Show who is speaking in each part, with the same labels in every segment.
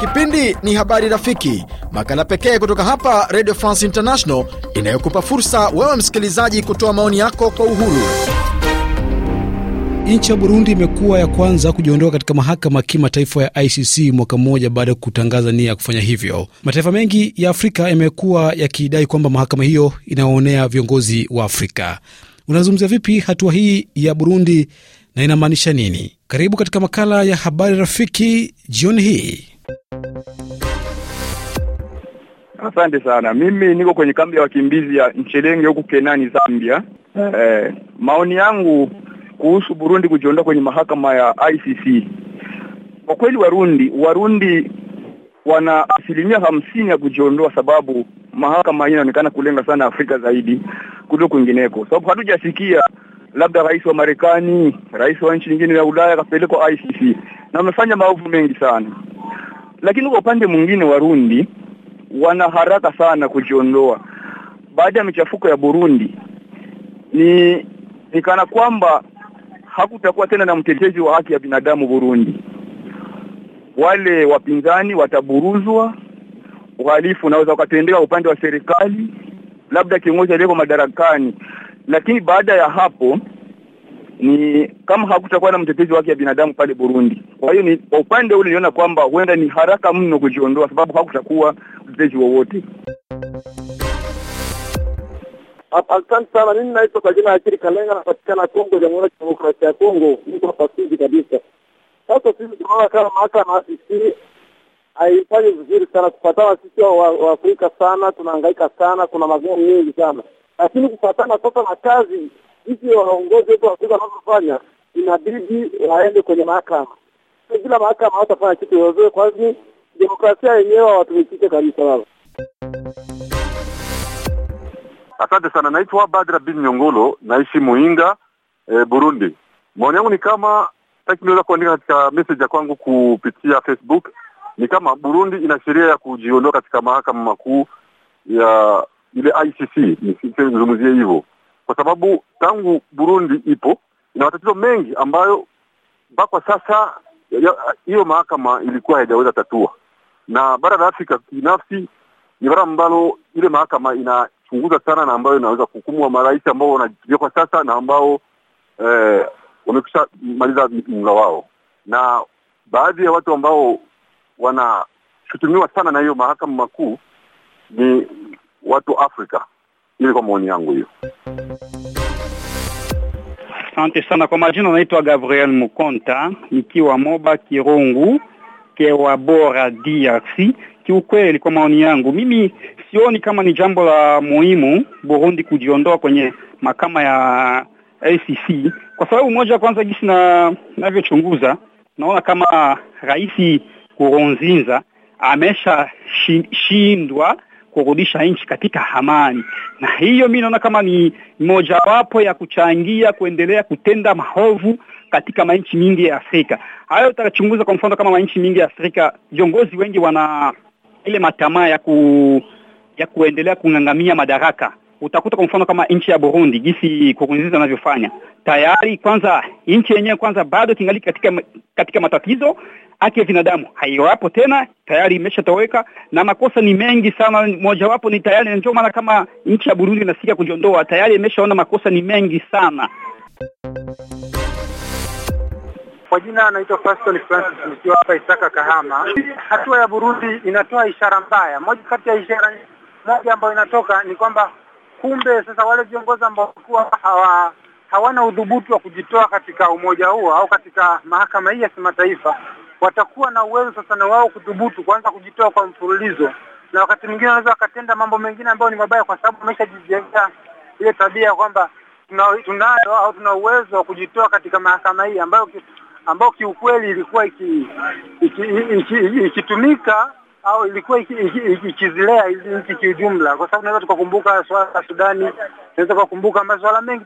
Speaker 1: Kipindi ni Habari Rafiki, makala pekee kutoka hapa Radio France International inayokupa fursa wewe msikilizaji kutoa maoni yako kwa uhuru. Nchi ya Burundi imekuwa ya kwanza kujiondoa katika mahakama kimataifa ya ICC mwaka mmoja baada ya kutangaza nia ya kufanya hivyo. Mataifa mengi ya Afrika yamekuwa yakidai kwamba mahakama hiyo inawaonea viongozi wa Afrika. Unazungumzia vipi hatua hii ya Burundi na inamaanisha nini? Karibu katika makala ya habari rafiki jioni hii.
Speaker 2: Asante sana. Mimi niko kwenye kambi ya wakimbizi ya Nchelenge huku Kenani, Zambia. Eh. eh, maoni yangu kuhusu Burundi kujiondoa kwenye mahakama ya ICC, kwa kweli Warundi Warundi wana asilimia hamsini ya kujiondoa, sababu mahakama hii inaonekana kulenga sana Afrika zaidi kuliko kwingineko, sababu hatujasikia labda rais wa Marekani, rais wa nchi nyingine ya Ulaya akapelekwa ICC na wamefanya maovu mengi sana. Lakini kwa upande mwingine, Warundi wana haraka sana kujiondoa baada ya michafuko ya Burundi. Ni nikana kwamba hakutakuwa tena na mtetezi wa haki ya binadamu Burundi. Wale wapinzani wataburuzwa, uhalifu unaweza ukatendeka upande wa serikali, labda kiongozi aliyeko madarakani. Lakini baada ya hapo ni kama hakutakuwa na mtetezi wake ya binadamu pale Burundi. Kwa hiyo ni kwa upande ule niliona kwamba huenda ni haraka mno kujiondoa, sababu hakutakuwa mtetezi wowote.
Speaker 3: Asante sana. Mimi naitwa kwa jina la kalenga Kalenga, napatikana Kongo, Jamhuri ya Kidemokrasia ya Kongo. Niko hapa kabisa. Sasa sisi tunaona kama mahakama sisi haifanyi vizuri sana kufatana. Sisi Waafrika sana tunahangaika sana, kuna magumu mengi sana, lakini kufatana sasa na kazi hivi waongozi wetu wakuza wanavyofanya, inabidi waende kwenye mahakama. Bila mahakama hawatafanya kitu yoyote, kwani demokrasia yenyewe watumikike kabisa. wao. asante sana. Naitwa Badra bin Nyongolo, naishi Muinga, e, Burundi. Maoni yangu ni kama taki kuandika katika message ya kwangu kupitia Facebook ni kama Burundi ina sheria ya kujiondoa katika mahakama makuu ya ile ICC, nisizungumzie hivyo kwa sababu tangu Burundi ipo ina matatizo mengi ambayo mpaka sasa hiyo mahakama ilikuwa haijaweza tatua, na bara la Afrika binafsi ni bara ambalo ile mahakama inachunguza sana na ambayo inaweza kuhukumu marais ambao wanajipiga kwa sasa na ambao eh, wamekusha maliza mla wao, na baadhi ya watu ambao wanashutumiwa sana na hiyo mahakama makuu ni watu Afrika kwa maoni yangu
Speaker 1: hiyo. Asante sana kwa majina, naitwa Gabriel Mukonta nikiwa Moba Kirungu Kewa Bora DRC. Kiukweli kwa maoni yangu mimi, sioni kama ni jambo la muhimu Burundi kujiondoa kwenye mahakama ya ICC kwa sababu moja, kwanza jinsi na navyochunguza naona kama Rais Kurunzinza ameshashindwa kurudisha nchi katika amani, na hiyo mi naona kama ni mojawapo ya kuchangia kuendelea kutenda maovu katika manchi mingi ya Afrika. Hayo utachunguza kwa mfano kama manchi mingi ya Afrika, viongozi wengi wana ile matamaa ya ku ya kuendelea kung'ang'amia madaraka. Utakuta kwa mfano kama nchi ya Burundi, jinsi Nkurunziza anavyofanya tayari. Kwanza nchi yenyewe kwanza bado kingali katika katika matatizo, haki ya binadamu haiwapo tena, tayari imeshatoweka na makosa ni mengi sana. Mojawapo ni tayari, ndio maana kama nchi ya Burundi inasikia kujiondoa tayari imeshaona makosa ni mengi sana.
Speaker 4: Kwa jina anaitwa Faston Francis, nikiwa hapa Isaka, Kahama. Hatua ya Burundi inatoa ishara mbaya. Moja kati ya ishara moja ambayo inatoka ni kwamba kumbe sasa wale viongozi ambao walikuwa hawa hawana udhubutu wa kujitoa katika umoja huo au katika mahakama hii ya kimataifa watakuwa na uwezo sasa na wao kudhubutu kuanza kujitoa kwa mfululizo, na wakati mwingine wanaweza wakatenda mambo mengine ambayo ni mabaya, kwa sababu wameshajijengea ile tabia kwamba tunayo au tuna uwezo wa kujitoa katika mahakama hii ambayo ambayo kiukweli ilikuwa ikitumika au ilikuwa ikizilea hizi nchi kiujumla, kwa sababu naweza tukakumbuka swala la Sudani, naweza tukakumbuka masuala mengi,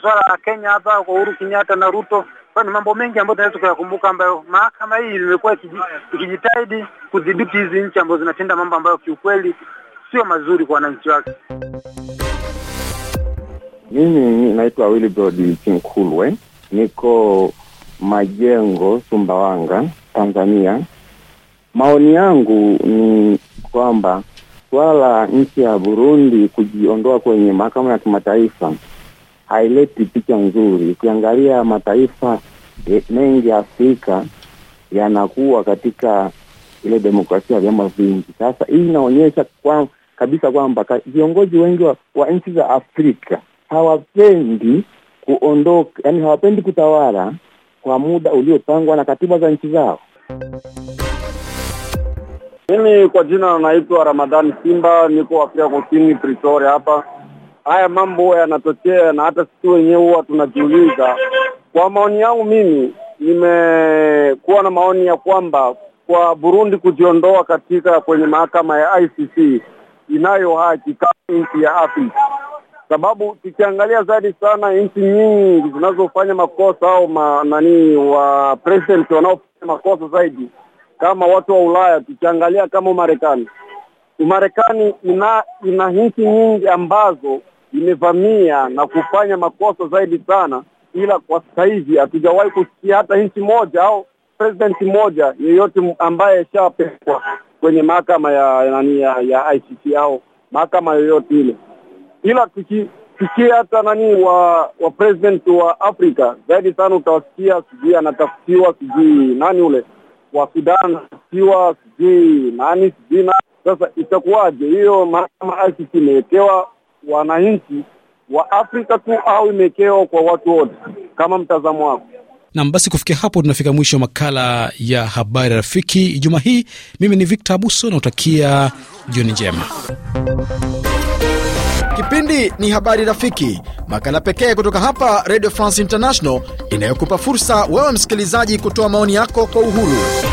Speaker 4: swala la Kenya hapa kwa Uhuru Kenyatta na Ruto kwa mambo mengi ambayo tunaweza tukayakumbuka ambayo mahakama hii imekuwa ikijitahidi kudhibiti hizi nchi ambazo zinatenda mambo ambayo kiukweli sio mazuri kwa wananchi wake.
Speaker 3: Mimi naitwa Willibrod Chinkulwe, eh? niko Majengo, Sumbawanga, Tanzania. Maoni yangu ni kwamba swala nchi ya Burundi kujiondoa kwenye mahakama ya kimataifa haileti picha nzuri. Ukiangalia mataifa e, mengi ya Afrika yanakuwa katika ile demokrasia ya vyama vingi. Sasa hii inaonyesha kwa, kabisa kwamba viongozi wengi wa, wa nchi za Afrika hawapendi kuondoka, yani hawapendi kutawala kwa muda uliopangwa na katiba za nchi zao. Mimi kwa jina naitwa Ramadhani Simba, niko Afrika Kusini, Pretoria hapa haya mambo yanatokea, na hata sisi wenyewe huwa tunajiuliza. Kwa maoni yangu mimi, nimekuwa na maoni ya kwamba kwa Burundi kujiondoa katika kwenye mahakama ya ICC inayo haki kama nchi ya Afrika, sababu tukiangalia zaidi sana nchi nyingi zinazofanya makosa au ma, nani wa president wanaofanya makosa zaidi kama watu wa Ulaya, tukiangalia kama Umarekani Umarekani ina, ina nchi nyingi ambazo imevamia na kufanya makosa zaidi sana, ila kwa sasa hivi hatujawahi kusikia hata nchi moja au president moja yeyote ambaye ashapelekwa kwenye mahakama ya nani ya, ya ICC au mahakama yoyote ile, ila tukisikia hata nani wa wa president wa Afrika zaidi sana utawasikia, sijui anatafutiwa, sijui nani ule wa Sudan anatafutiwa, sijui nani, sijui nani. Sasa itakuwaje hiyo mahakama ICC imewekewa wananchi wa Afrika tu au imekewa kwa watu wote? Kama mtazamo wako.
Speaker 1: Nam, basi kufikia hapo tunafika mwisho wa makala ya habari rafiki juma hii. Mimi ni Victor Abuso, nautakia jioni njema. Kipindi ni habari rafiki, makala pekee kutoka hapa Radio France International inayokupa fursa wewe msikilizaji kutoa maoni yako kwa uhuru.